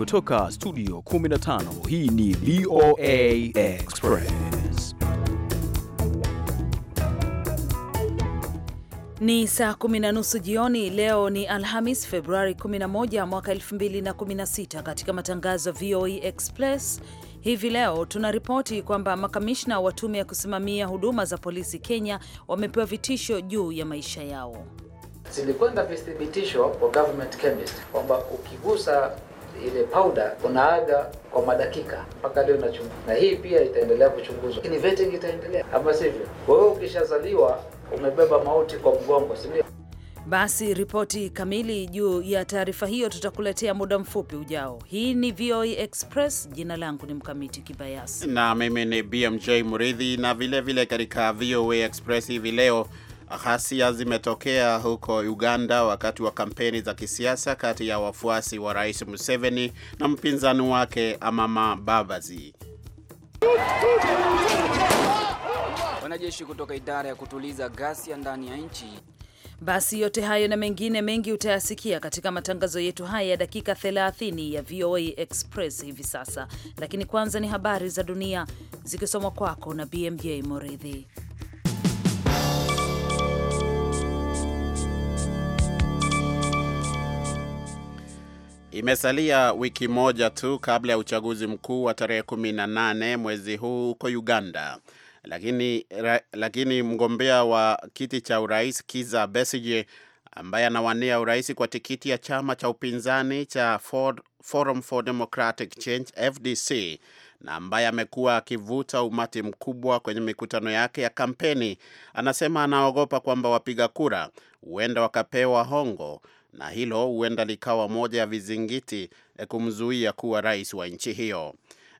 Kutoka studio 15 hii ni VOA Express. Ni saa kumi na nusu jioni. Leo ni Alhamis, Februari 11 mwaka 2016. Katika matangazo ya VOA Express hivi leo tunaripoti kwamba makamishna wa tume ya kusimamia huduma za polisi Kenya wamepewa vitisho juu ya maisha yao. Zilikwenda vithibitisho kwa government chemist kwamba ukigusa ile powder unaaga kwa madakika mpaka leo inachunguzwa, na hii pia itaendelea kuchunguzwa, lakini vetting itaendelea, ama sivyo? Kwa hiyo ukishazaliwa umebeba mauti kwa mgongo, si ndio? Basi ripoti kamili juu ya taarifa hiyo tutakuletea muda mfupi ujao. Hii ni VOA Express. Jina langu ni Mkamiti Kibayasi na mimi ni BMJ Muridhi, na vilevile katika VOA Express hivi leo Ghasia zimetokea huko Uganda wakati wa kampeni za kisiasa kati ya wafuasi wa Rais Museveni na mpinzani wake Amama babazi Wanajeshi kutoka idara ya kutuliza ghasia ndani ya nchi. Basi yote hayo na mengine mengi utayasikia katika matangazo yetu haya ya dakika 30 ya VOA Express hivi sasa, lakini kwanza ni habari za dunia zikisomwa kwako na BMJ Moridhi. Imesalia wiki moja tu kabla ya uchaguzi mkuu wa tarehe 18 mwezi huu huko Uganda, lakini, ra, lakini mgombea wa kiti cha urais Kiza Besige ambaye anawania urais kwa tikiti ya chama cha upinzani cha Ford, Forum for Democratic Change FDC na ambaye amekuwa akivuta umati mkubwa kwenye mikutano yake ya kampeni, anasema anaogopa kwamba wapiga kura huenda wakapewa hongo na hilo huenda likawa moja ya vizingiti eh, kumzuia kuwa rais wa nchi hiyo.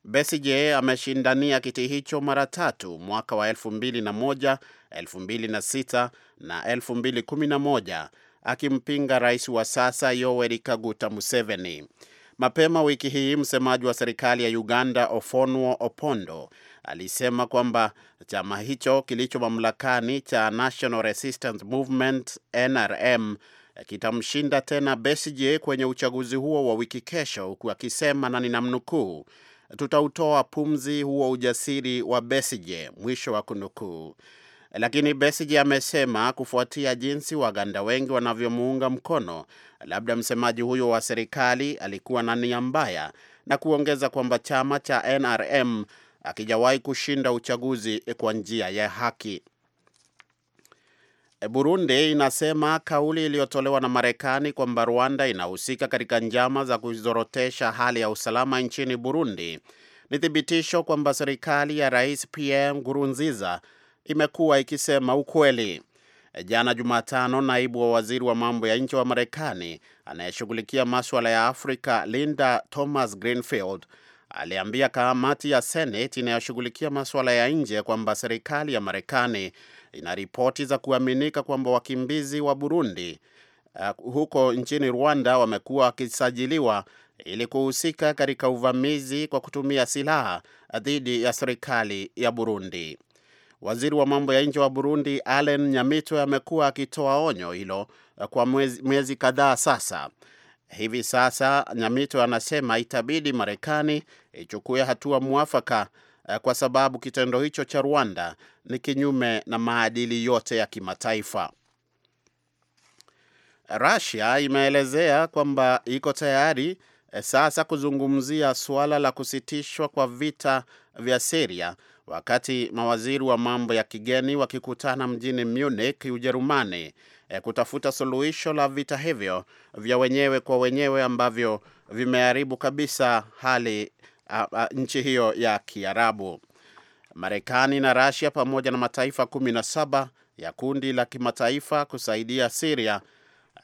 Besigye ameshindania kiti hicho mara tatu mwaka wa 2001, 2006 na 2011 akimpinga rais wa sasa Yoweri Kaguta Museveni. Mapema wiki hii msemaji wa serikali ya Uganda Ofonwo Opondo alisema kwamba chama hicho kilicho mamlakani cha National Resistance Movement NRM kitamshinda tena Besigye kwenye uchaguzi huo wa wiki kesho, huku akisema na ninamnukuu, tutautoa pumzi huo ujasiri wa Besigye, mwisho wa kunukuu. Lakini Besigye amesema kufuatia jinsi Waganda wengi wanavyomuunga mkono, labda msemaji huyo wa serikali alikuwa na nia mbaya, na kuongeza kwamba chama cha NRM akijawahi kushinda uchaguzi kwa njia ya haki. Burundi inasema kauli iliyotolewa na Marekani kwamba Rwanda inahusika katika njama za kuzorotesha hali ya usalama nchini Burundi ni thibitisho kwamba serikali ya Rais PM Nkurunziza imekuwa ikisema ukweli. Jana Jumatano, naibu wa waziri wa mambo ya nje wa Marekani anayeshughulikia maswala ya Afrika Linda Thomas Greenfield aliambia kamati ya Senate inayoshughulikia maswala ya nje kwamba serikali ya Marekani ina ripoti za kuaminika kwamba wakimbizi wa Burundi uh, huko nchini Rwanda wamekuwa wakisajiliwa ili kuhusika katika uvamizi kwa kutumia silaha dhidi ya serikali ya Burundi. Waziri wa mambo ya nje wa Burundi alen Nyamitwe amekuwa akitoa onyo hilo uh, kwa mwezi, mwezi kadhaa sasa. Hivi sasa Nyamitwe anasema itabidi Marekani ichukue hatua mwafaka Eh, kwa sababu kitendo hicho cha Rwanda ni kinyume na maadili yote ya kimataifa. Russia imeelezea kwamba iko tayari eh, sasa kuzungumzia suala la kusitishwa kwa vita vya Syria wakati mawaziri wa mambo ya kigeni wakikutana mjini Munich, Ujerumani eh, kutafuta suluhisho la vita hivyo vya wenyewe kwa wenyewe ambavyo vimeharibu kabisa hali nchi hiyo ya Kiarabu. Marekani na Rasia pamoja na mataifa 17 ya kundi la kimataifa kusaidia Siria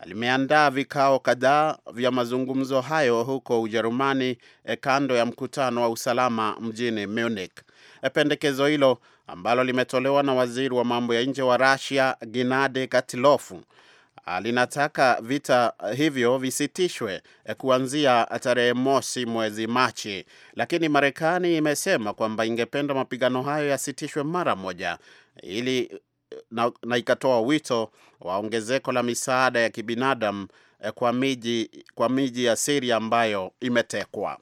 limeandaa vikao kadhaa vya mazungumzo hayo huko Ujerumani, e, kando ya mkutano wa usalama mjini Munich. E, pendekezo hilo ambalo limetolewa na waziri wa mambo ya nje wa Rasia ginade Katilofu linataka vita eh, hivyo visitishwe eh, kuanzia tarehe mosi mwezi Machi, lakini Marekani imesema kwamba ingependa mapigano hayo yasitishwe mara moja ili eh, na, na ikatoa wito wa ongezeko la misaada ya kibinadamu kwa miji kwa miji ya siria ambayo imetekwa.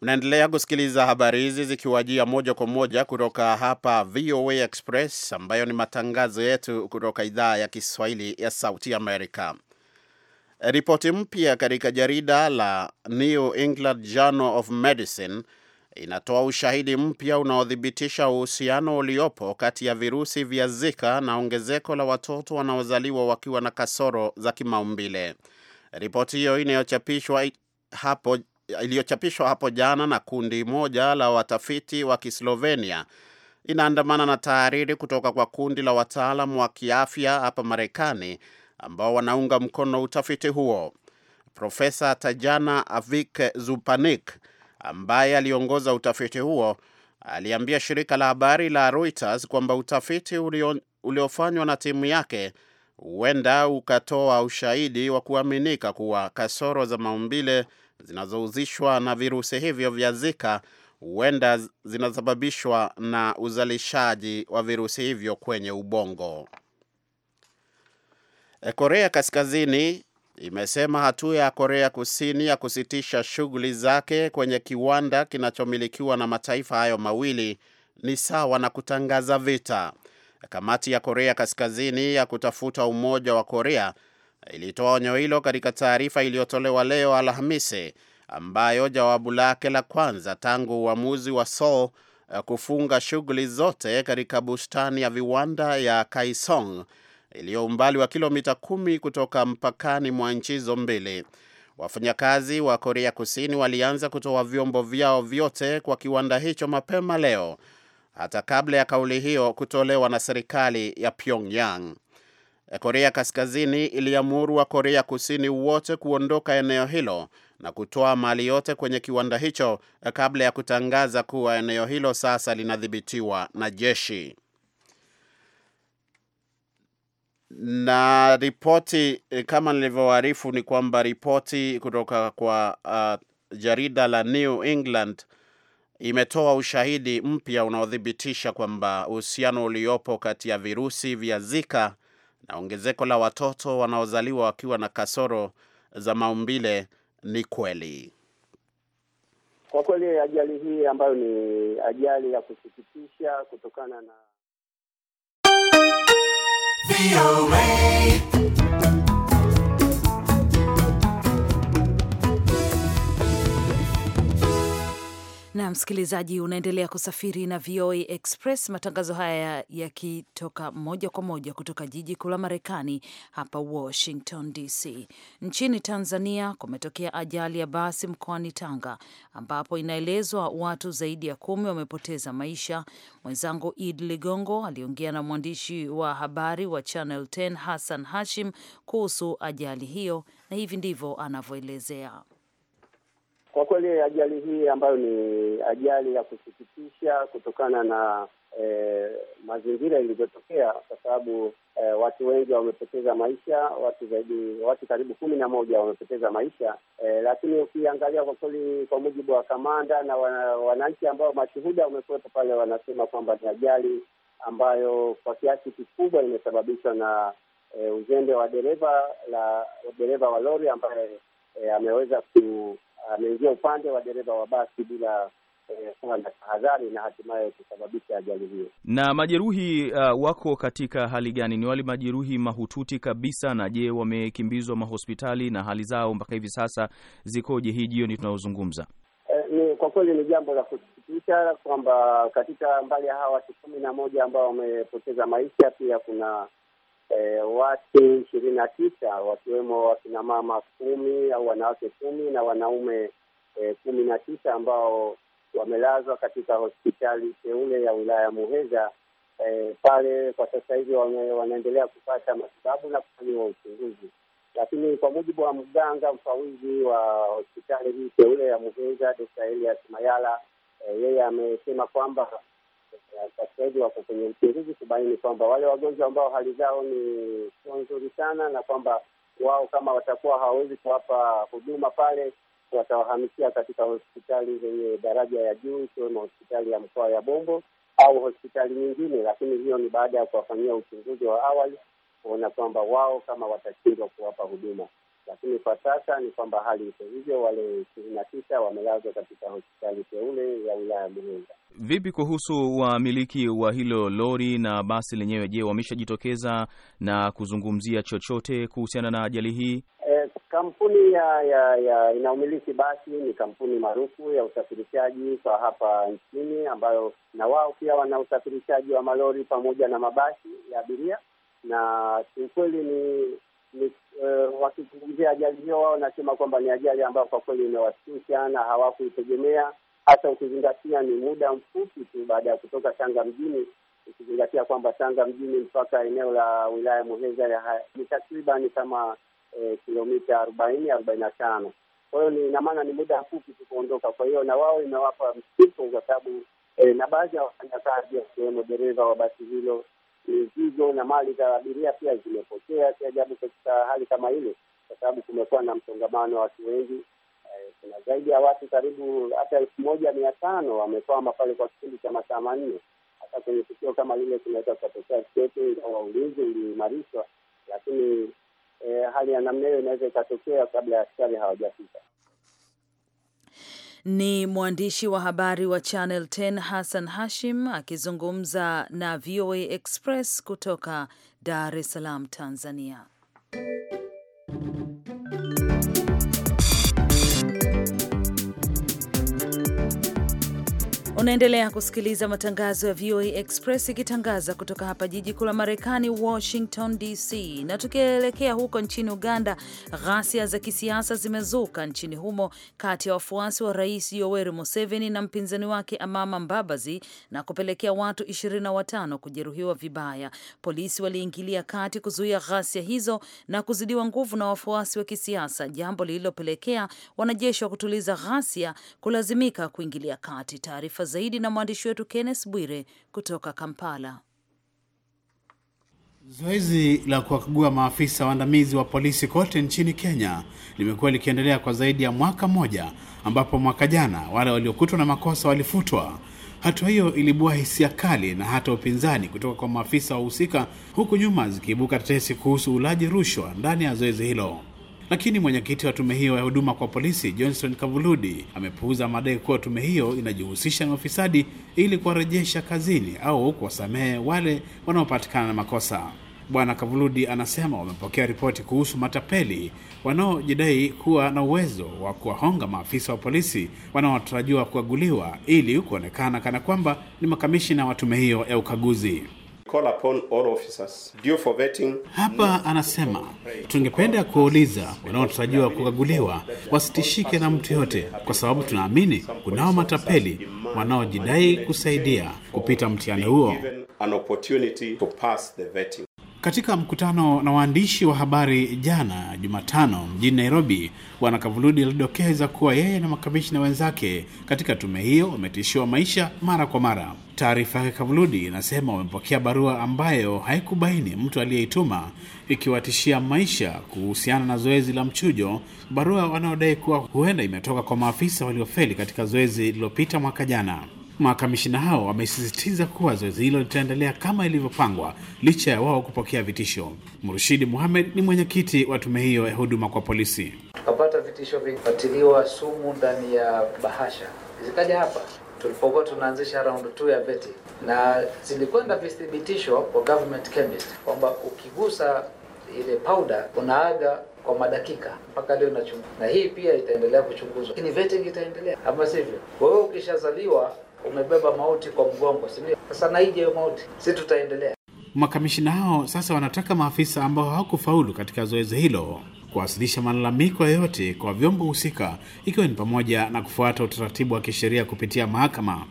Mnaendelea kusikiliza habari hizi zikiwajia moja kwa moja kutoka hapa VOA Express, ambayo ni matangazo yetu kutoka idhaa ya Kiswahili ya Sauti Amerika. Ripoti mpya katika jarida la New England Journal of Medicine inatoa ushahidi mpya unaothibitisha uhusiano uliopo kati ya virusi vya Zika na ongezeko la watoto wanaozaliwa wakiwa na kasoro za kimaumbile. Ripoti hiyo inayochapishwa hapo iliyochapishwa hapo jana na kundi moja la watafiti wa Kislovenia inaandamana na tahariri kutoka kwa kundi la wataalam wa kiafya hapa Marekani ambao wanaunga mkono utafiti huo. Profesa Tajana Avik Zupanik ambaye aliongoza utafiti huo aliambia shirika la habari la Reuters kwamba utafiti ulio, uliofanywa na timu yake huenda ukatoa ushahidi wa kuaminika kuwa kasoro za maumbile zinazohusishwa na virusi hivyo vya Zika huenda zinasababishwa na uzalishaji wa virusi hivyo kwenye ubongo. Eh, Korea Kaskazini imesema hatua ya Korea Kusini ya kusitisha shughuli zake kwenye kiwanda kinachomilikiwa na mataifa hayo mawili ni sawa na kutangaza vita. Kamati ya Korea Kaskazini ya kutafuta umoja wa Korea ilitoa onyo hilo katika taarifa iliyotolewa leo Alhamisi, ambayo jawabu lake la kwanza tangu uamuzi wa Seoul eh, kufunga shughuli zote katika bustani ya viwanda ya Kaesong iliyo umbali wa kilomita kumi kutoka mpakani mwa nchi hizo mbili. Wafanyakazi wa Korea Kusini walianza kutoa vyombo vyao vyote kwa kiwanda hicho mapema leo, hata kabla ya kauli hiyo kutolewa na serikali ya Pyongyang. Korea Kaskazini iliamuru wa Korea Kusini wote kuondoka eneo hilo na kutoa mali yote kwenye kiwanda hicho kabla ya kutangaza kuwa eneo hilo sasa linadhibitiwa na jeshi. Na ripoti eh, kama nilivyoarifu ni kwamba ripoti kutoka kwa uh, jarida la New England imetoa ushahidi mpya unaothibitisha kwamba uhusiano uliopo kati ya virusi vya Zika na ongezeko la watoto wanaozaliwa wakiwa na kasoro za maumbile ni kweli. Kwa kweli ajali hii ambayo ni ajali ya kusikitisha kutokana na na msikilizaji, unaendelea kusafiri na VOA Express, matangazo haya yakitoka moja kwa moja kutoka jiji kuu la Marekani, hapa Washington DC. Nchini Tanzania kumetokea ajali ya basi mkoani Tanga, ambapo inaelezwa watu zaidi ya kumi wamepoteza maisha. Mwenzangu Id Ligongo aliongea na mwandishi wa habari wa Channel 10 Hassan Hashim kuhusu ajali hiyo, na hivi ndivyo anavyoelezea. Kwa kweli ajali hii ambayo ni ajali ya kusikitisha kutokana na eh, mazingira ilivyotokea, kwa sababu eh, watu wengi wamepoteza maisha, watu zaidi watu karibu kumi na moja wamepoteza maisha eh, lakini ukiangalia kwa kweli, kwa mujibu wa kamanda na wananchi ambao mashuhuda wamekuwepo pale, wanasema kwamba ni ajali ambayo kwa kiasi kikubwa imesababishwa na eh, uzembe wa dereva la dereva wa lori ambaye eh, ameweza ku ameingia ah, upande wa dereva wa basi bila eh, kuwa na tahadhari na hatimaye kusababisha ajali hiyo. Na majeruhi uh, wako katika hali gani? Ni wale majeruhi mahututi kabisa, na je, wamekimbizwa mahospitali na hali zao mpaka hivi sasa zikoje? Hii jioni tunayozungumza eh, ni kwa kweli ni jambo la kusikitisha kwamba katika mbali ya hawa watu kumi na moja ambao wamepoteza maisha, pia kuna e, watu ishirini na tisa wakiwemo wakinamama kumi au wanawake kumi na wanaume e, kumi na tisa ambao wamelazwa katika hospitali teule ya wilaya ya Muheza e, pale kwa sasa hivi wanaendelea kupata matibabu na kufanyiwa uchunguzi, lakini kwa mujibu wa mganga mfawizi wa hospitali hii teule ya Muheza Dkt. Elias Mayala e, yeye amesema kwamba sasa wako kwenye uchunguzi kubaini kwamba wale wagonjwa ambao hali zao ni sio nzuri sana, na kwamba wao kama watakuwa hawawezi kuwapa huduma pale, watawahamishia katika hospitali zenye daraja ya juu, ikiwemo hospitali ya mkoa ya Bombo au hospitali nyingine. Lakini hiyo ni baada ya kuwafanyia uchunguzi wa awali kuona kwamba wao kama watashindwa kuwapa huduma lakini kwa sasa ni kwamba hali iko hivyo. Wale ishirini na tisa wamelazwa katika hospitali teule ya wilaya ya Burunga. Vipi kuhusu wamiliki wa hilo lori na basi lenyewe? Je, wameshajitokeza na kuzungumzia chochote kuhusiana na ajali hii? E, kampuni ya, ya, ya inaumiliki basi ni kampuni maarufu ya usafirishaji kwa hapa nchini, ambayo na wao pia wana usafirishaji wa malori pamoja na mabasi ya abiria na kiukweli ni uh, wakizungumzia ajali hiyo, wao wanasema kwamba ni ajali ambayo kwa kweli imewashtusha na hawakuitegemea, hasa ukizingatia ni muda mfupi tu baada ya kutoka Tanga mjini, ukizingatia kwamba Tanga mjini mpaka eneo la wilaya Muheza ni takriban kama eh, kilomita arobaini arobaini na tano kwa hiyo ina maana ni muda mfupi tu kuondoka. Kwa hiyo na wao imewapa mshtuko, kwa sababu eh, na baadhi ya wafanyakazi wakiwemo dereva wa basi hilo mizigo eh, na mali za abiria pia zimepotea ajabu katika hali kama ile, kwa sababu kumekuwa na msongamano wa watu wengi. Eh, kuna zaidi ya watu karibu hata elfu moja mia tano wamekwama pale kwa kipindi cha masaa manne. Hata kwenye tukio kama lile kunaweza kukatokea kete, ingawa ulinzi uliimarishwa, lakini eh, hali ya namna hiyo inaweza ikatokea kabla ya askari hawajafika. Ni mwandishi wa habari wa Channel 10 Hassan Hashim akizungumza na VOA Express kutoka Dar es Salaam, Tanzania. Unaendelea kusikiliza matangazo ya VOA Express ikitangaza kutoka hapa jiji kuu la Marekani, Washington DC. Na tukielekea huko nchini Uganda, ghasia za kisiasa zimezuka nchini humo kati ya wafuasi wa Rais Yoweri Museveni na mpinzani wake Amama Mbabazi na kupelekea watu 25 kujeruhiwa vibaya. Polisi waliingilia kati kuzuia ghasia hizo na kuzidiwa nguvu na wafuasi wa kisiasa, jambo lililopelekea wanajeshi wa kutuliza ghasia kulazimika kuingilia kati. Taarifa zaidi na mwandishi wetu Kenneth Bwire kutoka Kampala. Zoezi la kuwakagua maafisa waandamizi wa polisi kote nchini Kenya limekuwa likiendelea kwa zaidi ya mwaka mmoja, ambapo mwaka jana wale waliokutwa na makosa walifutwa. Hatua hiyo ilibua hisia kali na hata upinzani kutoka kwa maafisa wahusika, huku nyuma zikiibuka tetesi kuhusu ulaji rushwa ndani ya zoezi hilo. Lakini mwenyekiti wa tume hiyo ya huduma kwa polisi Johnson Kavuludi amepuuza madai kuwa tume hiyo inajihusisha na ufisadi ili kuwarejesha kazini au kuwasamehe wale wanaopatikana na makosa. Bwana Kavuludi anasema wamepokea ripoti kuhusu matapeli wanaojidai kuwa na uwezo wa kuwahonga maafisa wa polisi wanaotarajiwa kuaguliwa ili kuonekana kana kwamba ni makamishina wa tume hiyo ya ukaguzi call upon all officers due for vetting. Hapa anasema tungependa kuuliza wanaotarajiwa kukaguliwa wasitishike na mtu yote, kwa sababu tunaamini kunao matapeli wanaojidai kusaidia kupita mtihani huo. An opportunity to pass the vetting. Katika mkutano na waandishi wa habari jana Jumatano mjini Nairobi, Bwana Kavuludi alidokeza kuwa yeye na makamishina wenzake katika tume hiyo wametishiwa maisha mara kwa mara. Taarifa ya Kavuludi inasema wamepokea barua ambayo haikubaini mtu aliyeituma ikiwatishia maisha kuhusiana na zoezi la mchujo, barua wanaodai kuwa huenda imetoka kwa maafisa waliofeli katika zoezi lililopita mwaka jana. Makamishina hao wamesisitiza kuwa zoezi hilo litaendelea kama ilivyopangwa licha ya wao kupokea vitisho. Murshidi Muhamed ni mwenyekiti wa tume hiyo ya huduma kwa polisi. Tukapata vitisho vilifuatiliwa sumu ndani ya bahasha zikaja hapa tulipokuwa tunaanzisha round 2 ya beti, na zilikwenda vithibitisho kwa government chemist kwamba ukigusa ile powder unaaga kwa madakika mpaka leo nachunguza, na hii pia itaendelea kuchunguzwa, lakini vetting itaendelea, ama sivyo? Kwa hiyo ukishazaliwa umebeba mauti kwa mgongo, si ndio? Sasa naije hiyo mauti, si tutaendelea? Makamishina hao sasa wanataka maafisa ambao hawakufaulu katika zoezi hilo kuwasilisha malalamiko yoyote kwa vyombo husika, ikiwa ni pamoja na kufuata utaratibu wa kisheria kupitia mahakama.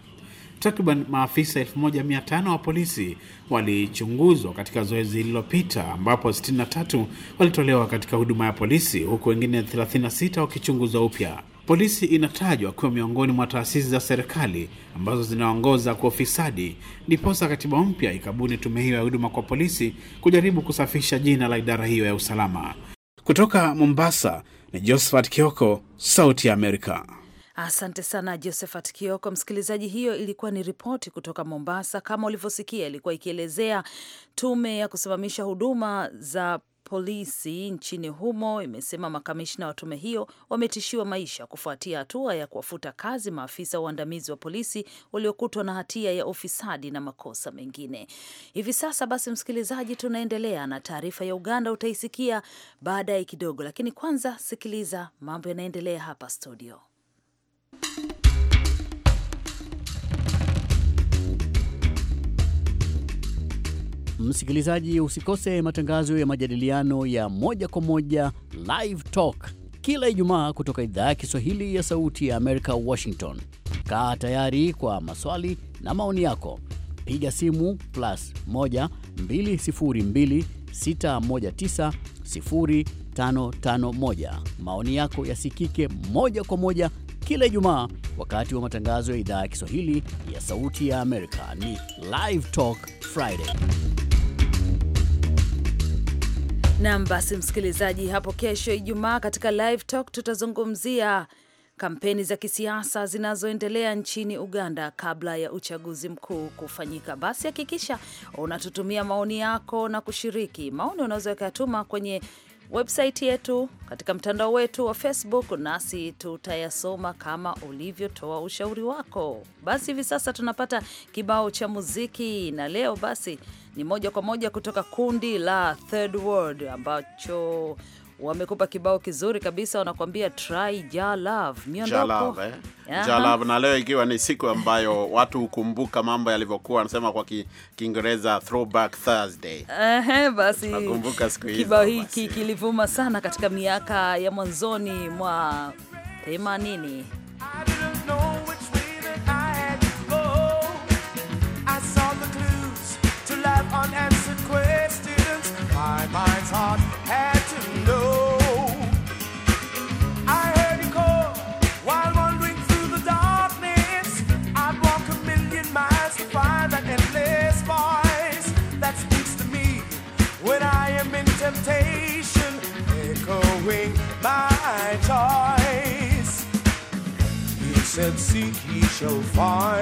Takriban maafisa 1500 wa polisi walichunguzwa katika zoezi lililopita, ambapo 63 walitolewa katika huduma ya polisi, huku wengine 36 wakichunguzwa upya. Polisi inatajwa kuwa miongoni mwa taasisi za serikali ambazo zinaongoza kwa ufisadi, ndiposa katiba mpya ikabuni tume hiyo ya huduma kwa polisi kujaribu kusafisha jina la idara hiyo ya usalama. Kutoka Mombasa ni Josephat Kioko, Sauti ya Amerika. Asante sana Josephat Kioko. Msikilizaji, hiyo ilikuwa ni ripoti kutoka Mombasa. Kama ulivyosikia, ilikuwa ikielezea tume ya kusimamisha huduma za polisi nchini humo imesema makamishna wa tume hiyo wametishiwa maisha kufuatia hatua ya kuwafuta kazi maafisa waandamizi wa polisi waliokutwa na hatia ya ufisadi na makosa mengine. Hivi sasa basi, msikilizaji, tunaendelea na taarifa ya Uganda, utaisikia baadaye kidogo, lakini kwanza sikiliza mambo yanaendelea hapa studio. Msikilizaji, usikose matangazo ya majadiliano ya moja kwa moja Live Talk kila Ijumaa kutoka idhaa ya Kiswahili ya Sauti ya Amerika, Washington. Kaa tayari kwa maswali na maoni yako, piga simu plus 1 202 619 0551. Maoni yako yasikike moja kwa moja kila Ijumaa wakati wa matangazo ya idhaa ya Kiswahili ya Sauti ya Amerika. Ni Live Talk Friday. Nam basi, msikilizaji, hapo kesho Ijumaa katika Live Talk tutazungumzia kampeni za kisiasa zinazoendelea nchini Uganda kabla ya uchaguzi mkuu kufanyika. Basi hakikisha unatutumia maoni yako na kushiriki. Maoni unaweza ukayatuma kwenye website yetu, katika mtandao wetu wa Facebook, nasi tutayasoma kama ulivyotoa ushauri wako. Basi hivi sasa tunapata kibao cha muziki, na leo basi ni moja kwa moja kutoka kundi la Third World ambacho wamekupa kibao kizuri kabisa, wanakuambia try ja love miondoko eh? ja love. Na leo ikiwa ni siku ambayo watu hukumbuka mambo yalivyokuwa, anasema kwa Kiingereza throwback Thursday. Ehe, basi nakumbuka siku hizo. kibao hiki kilivuma sana katika miaka ya mwanzoni mwa themanini. He shall find.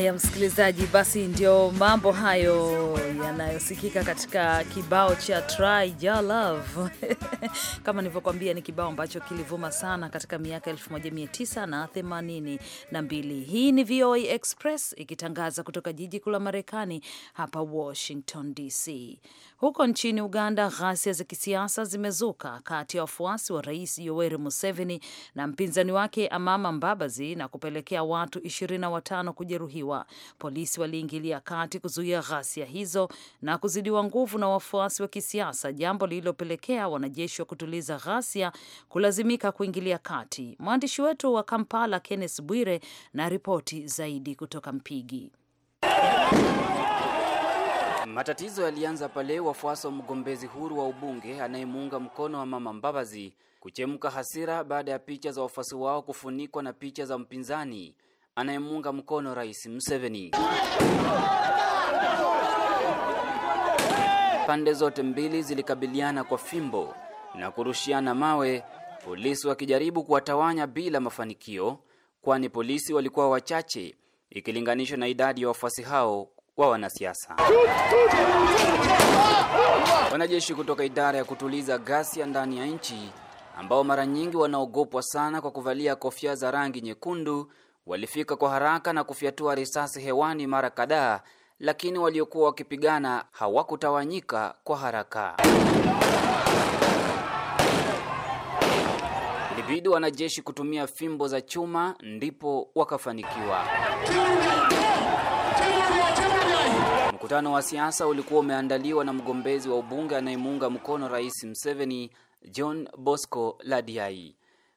Haya msikilizaji, basi ndio mambo hayo yanayosikika katika kibao cha Try Your Love kama nilivyokuambia, ni kibao ambacho kilivuma sana katika miaka 1982. Hii ni VOA Express ikitangaza kutoka jiji kuu la Marekani hapa Washington DC. Huko nchini Uganda, ghasia za kisiasa zimezuka kati ya wafuasi wa Rais Yoweri Museveni na mpinzani wake Amama Mbabazi na kupelekea watu watano kujeruhiwa. Polisi waliingilia kati kuzuia ghasia hizo na kuzidiwa nguvu na wafuasi wa kisiasa, jambo lililopelekea wanajeshi wa kutuliza ghasia kulazimika kuingilia kati. Mwandishi wetu wa Kampala Kenneth Bwire na ripoti zaidi kutoka Mpigi. Matatizo yalianza pale wafuasi wa mgombezi huru wa ubunge anayemuunga mkono wa Mama Mbabazi kuchemka hasira baada ya picha za wafuasi wao kufunikwa na picha za mpinzani anayemuunga mkono Rais Museveni. Pande zote mbili zilikabiliana kwa fimbo na kurushiana mawe, polisi wakijaribu kuwatawanya bila mafanikio, kwani polisi walikuwa wachache ikilinganishwa na idadi ya wafuasi hao wa wanasiasa. Wanajeshi kutoka idara ya kutuliza ghasia ndani ya nchi ambao mara nyingi wanaogopwa sana kwa kuvalia kofia za rangi nyekundu walifika kwa haraka na kufyatua risasi hewani mara kadhaa, lakini waliokuwa wakipigana hawakutawanyika kwa haraka. Ilibidi wanajeshi kutumia fimbo za chuma ndipo wakafanikiwa. Mkutano wa siasa ulikuwa umeandaliwa na mgombezi wa ubunge anayemuunga mkono Rais Mseveni, John Bosco Ladiai.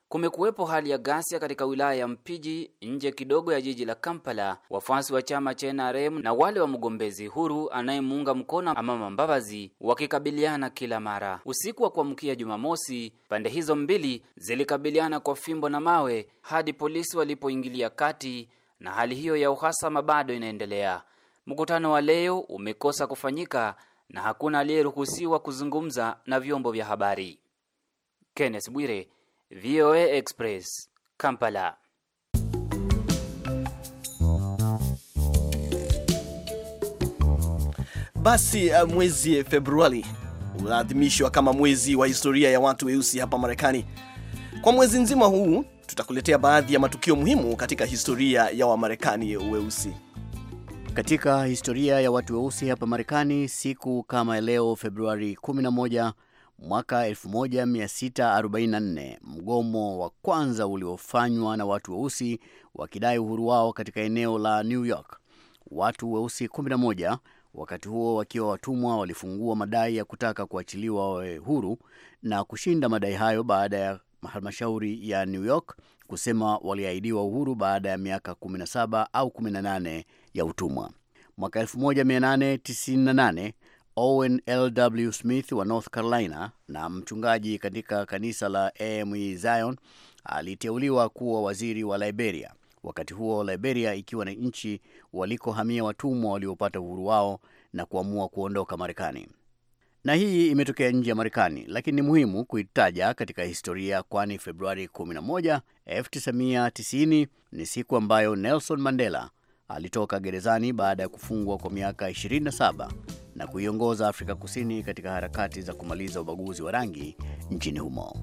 Kumekuwepo hali ya ghasia katika wilaya ya Mpiji nje kidogo ya jiji la Kampala. Wafuasi wa chama cha NRM na wale wa mgombezi huru anayemuunga mkono Amama Mbabazi wakikabiliana kila mara. Usiku wa kuamkia Jumamosi, pande hizo mbili zilikabiliana kwa fimbo na mawe hadi polisi walipoingilia kati na hali hiyo ya uhasama bado inaendelea. Mkutano wa leo umekosa kufanyika na hakuna aliyeruhusiwa kuzungumza na vyombo vya habari. Kenneth Bwire, VOA Express, Kampala. Basi uh, mwezi Februari unaadhimishwa kama mwezi wa historia ya watu weusi hapa Marekani. Kwa mwezi nzima huu tutakuletea baadhi ya matukio muhimu katika historia ya Wamarekani weusi. Katika historia ya watu weusi hapa Marekani, siku kama leo Februari 11 mwaka 1644 mgomo wa kwanza uliofanywa na watu weusi wakidai uhuru wao katika eneo la New York. Watu weusi 11 wakati huo wakiwa watumwa walifungua madai ya kutaka kuachiliwa wawe huru na kushinda madai hayo baada ya halmashauri ya New York kusema waliahidiwa uhuru baada ya miaka 17 au 18 ya utumwa. Mwaka 1898 Owen Lw Smith wa North Carolina na mchungaji katika kanisa la AME Zion aliteuliwa kuwa waziri wa Liberia, wakati huo Liberia ikiwa ni nchi walikohamia watumwa waliopata uhuru wao na kuamua kuondoka Marekani na hii imetokea nje ya Marekani, lakini ni muhimu kuitaja katika historia, kwani Februari 11, 1990 ni siku ambayo Nelson Mandela alitoka gerezani baada ya kufungwa kwa miaka 27 na kuiongoza Afrika Kusini katika harakati za kumaliza ubaguzi wa rangi nchini humo.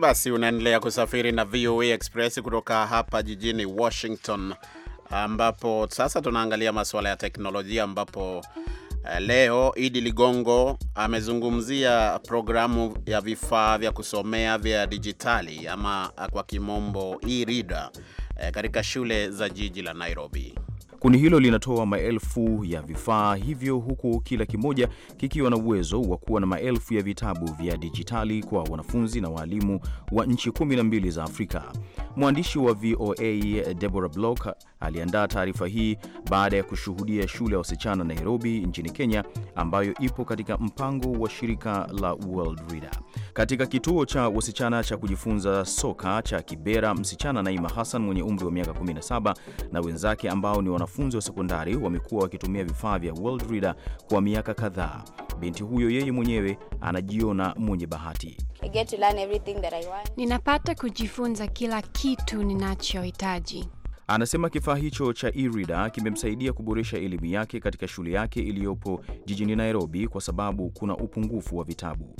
Basi unaendelea kusafiri na VOA Express kutoka hapa jijini Washington, ambapo sasa tunaangalia masuala ya teknolojia, ambapo eh, leo Idi Ligongo amezungumzia programu ya vifaa vya kusomea vya dijitali ama kwa kimombo e-reader eh, katika shule za jiji la Nairobi. Kundi hilo linatoa maelfu ya vifaa hivyo, huku kila kimoja kikiwa na uwezo wa kuwa na maelfu ya vitabu vya dijitali kwa wanafunzi na waalimu wa nchi b za Afrika. Mwandishi wa VOA Deborah Block aliandaa taarifa hii baada ya kushuhudia shule ya wasichana Nairobi nchini Kenya, ambayo ipo katika mpango wa shirika la World Reader. Katika kituo cha wasichana cha kujifunza soka cha Kibera, msichana Naima Hassan mwenye umri wa miaka 17 na wenzake ambao ni wanafunzi wa sekondari wamekuwa wakitumia vifaa vya World Reader kwa miaka kadhaa. Binti huyo yeye mwenyewe anajiona mwenye bahati. I get to learn everything that I want. Ninapata kujifunza kila kitu ninachohitaji. Anasema kifaa hicho cha e-reader kimemsaidia kuboresha elimu yake katika shule yake iliyopo jijini Nairobi kwa sababu kuna upungufu wa vitabu.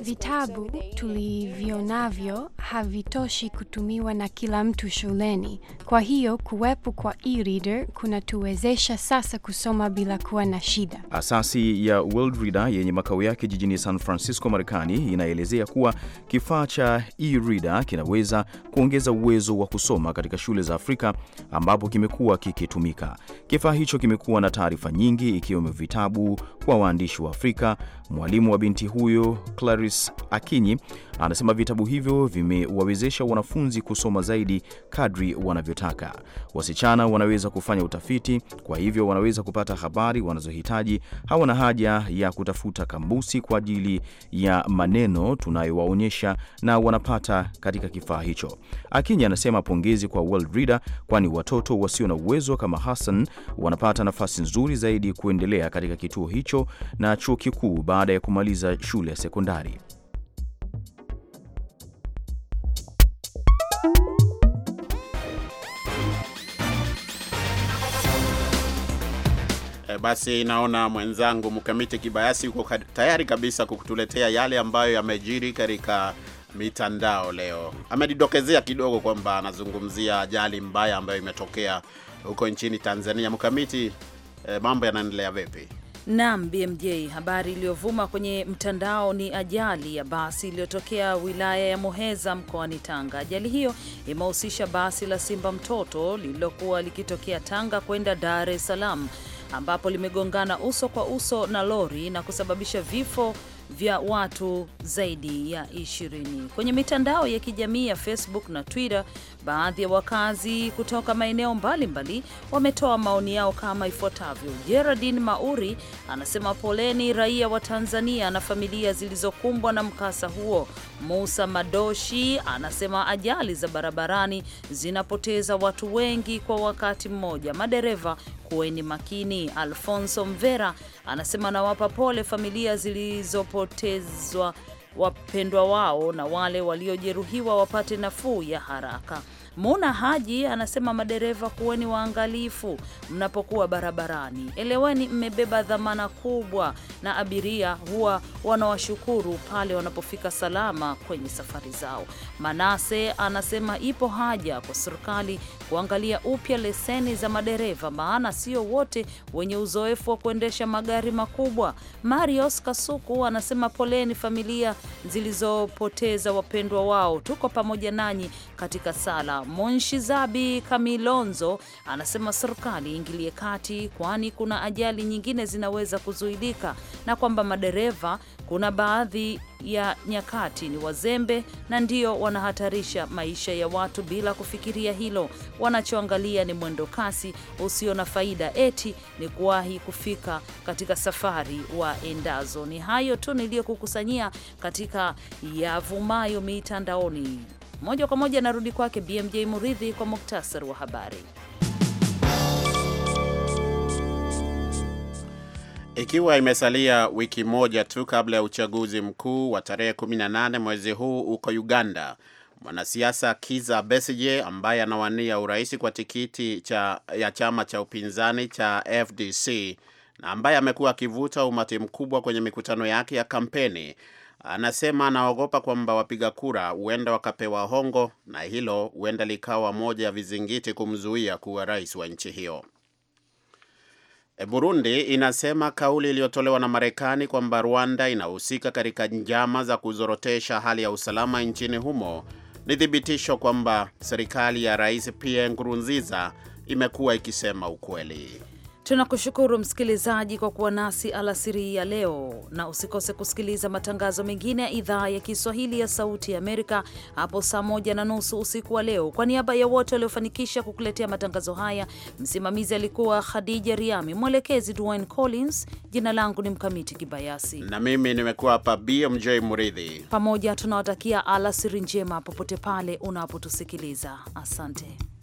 Vitabu tulivyonavyo havitoshi kutumiwa na kila mtu shuleni. Kwa hiyo kuwepo kwa e-reader kunatuwezesha sasa kusoma bila kuwa na shida. Asasi ya World Reader yenye makao yake jijini San Francisco, Marekani inaelezea kuwa kifaa cha e-reader kinaweza kuongeza uwezo wa kusoma katika shule za Afrika ambapo kimekuwa kikitumika. Kifaa hicho kimekuwa na taarifa nyingi ikiwemo vitabu kwa waandishi wa Afrika. Mwalimu wa binti huyo Clarice Akinyi Anasema vitabu hivyo vimewawezesha wanafunzi kusoma zaidi kadri wanavyotaka. Wasichana wanaweza kufanya utafiti, kwa hivyo wanaweza kupata habari wanazohitaji. Hawana haja ya kutafuta kambusi kwa ajili ya maneno tunayowaonyesha na wanapata katika kifaa hicho. Akinya anasema pongezi kwa World Reader, kwani watoto wasio na uwezo kama Hassan wanapata nafasi nzuri zaidi kuendelea katika kituo hicho na chuo kikuu baada ya kumaliza shule ya sekondari. Eh, basi naona mwenzangu mkamiti kibayasi uko tayari kabisa kukutuletea yale ambayo yamejiri katika mitandao leo. Amedidokezea kidogo kwamba anazungumzia ajali mbaya ambayo imetokea huko nchini Tanzania. Mkamiti, eh, mambo yanaendelea vipi? Naam, BMJ, habari iliyovuma kwenye mtandao ni ajali ya basi iliyotokea wilaya ya Muheza mkoani Tanga. Ajali hiyo imehusisha basi la Simba Mtoto lililokuwa likitokea Tanga kwenda Dar es Salaam ambapo limegongana uso kwa uso na lori na kusababisha vifo vya watu zaidi ya ishirini. Kwenye mitandao ya kijamii ya Facebook na Twitter, Baadhi ya wakazi kutoka maeneo mbalimbali wametoa maoni yao kama ifuatavyo. Geraldine Mauri anasema poleni raia wa Tanzania na familia zilizokumbwa na mkasa huo. Musa Madoshi anasema ajali za barabarani zinapoteza watu wengi kwa wakati mmoja, madereva kuweni makini. Alfonso Mvera anasema nawapa pole familia zilizopotezwa wapendwa wao na wale waliojeruhiwa wapate nafuu ya haraka. Muna Haji anasema madereva, kuweni waangalifu mnapokuwa barabarani, eleweni mmebeba dhamana kubwa, na abiria huwa wanawashukuru pale wanapofika salama kwenye safari zao. Manase anasema ipo haja kwa serikali kuangalia upya leseni za madereva, maana sio wote wenye uzoefu wa kuendesha magari makubwa. Marios Kasuku anasema poleni familia zilizopoteza wapendwa wao, tuko pamoja nanyi katika sala. Monshizabi Kamilonzo anasema serikali iingilie kati, kwani kuna ajali nyingine zinaweza kuzuilika na kwamba madereva kuna baadhi ya nyakati ni wazembe na ndio wanahatarisha maisha ya watu bila kufikiria hilo. Wanachoangalia ni mwendo kasi usio na faida, eti ni kuwahi kufika katika safari waendazo. Ni hayo tu niliyokukusanyia katika yavumayo mitandaoni. Moja kwa moja narudi kwake BMJ Muridhi kwa muktasari wa habari. Ikiwa imesalia wiki moja tu kabla ya uchaguzi mkuu wa tarehe 18 mwezi huu huko Uganda, mwanasiasa Kiza Besige ambaye anawania urais kwa tikiti cha, ya chama cha upinzani cha FDC na ambaye amekuwa akivuta umati mkubwa kwenye mikutano yake ya kampeni, anasema anaogopa kwamba wapiga kura huenda wakapewa hongo na hilo huenda likawa moja ya vizingiti kumzuia kuwa rais wa nchi hiyo. Burundi inasema kauli iliyotolewa na Marekani kwamba Rwanda inahusika katika njama za kuzorotesha hali ya usalama nchini humo ni thibitisho kwamba serikali ya Rais Pierre Nkurunziza imekuwa ikisema ukweli. Tunakushukuru msikilizaji kwa kuwa nasi alasiri ya leo, na usikose kusikiliza matangazo mengine ya idhaa ya Kiswahili ya Sauti ya Amerika hapo saa moja na nusu usiku wa leo. Kwa niaba ya wote waliofanikisha kukuletea matangazo haya, msimamizi alikuwa Khadija Riami, mwelekezi Dwayne Collins, jina langu ni Mkamiti Kibayasi na mimi nimekuwa hapa BMJ Muridhi. Pamoja tunawatakia alasiri njema popote pale unapotusikiliza. Asante.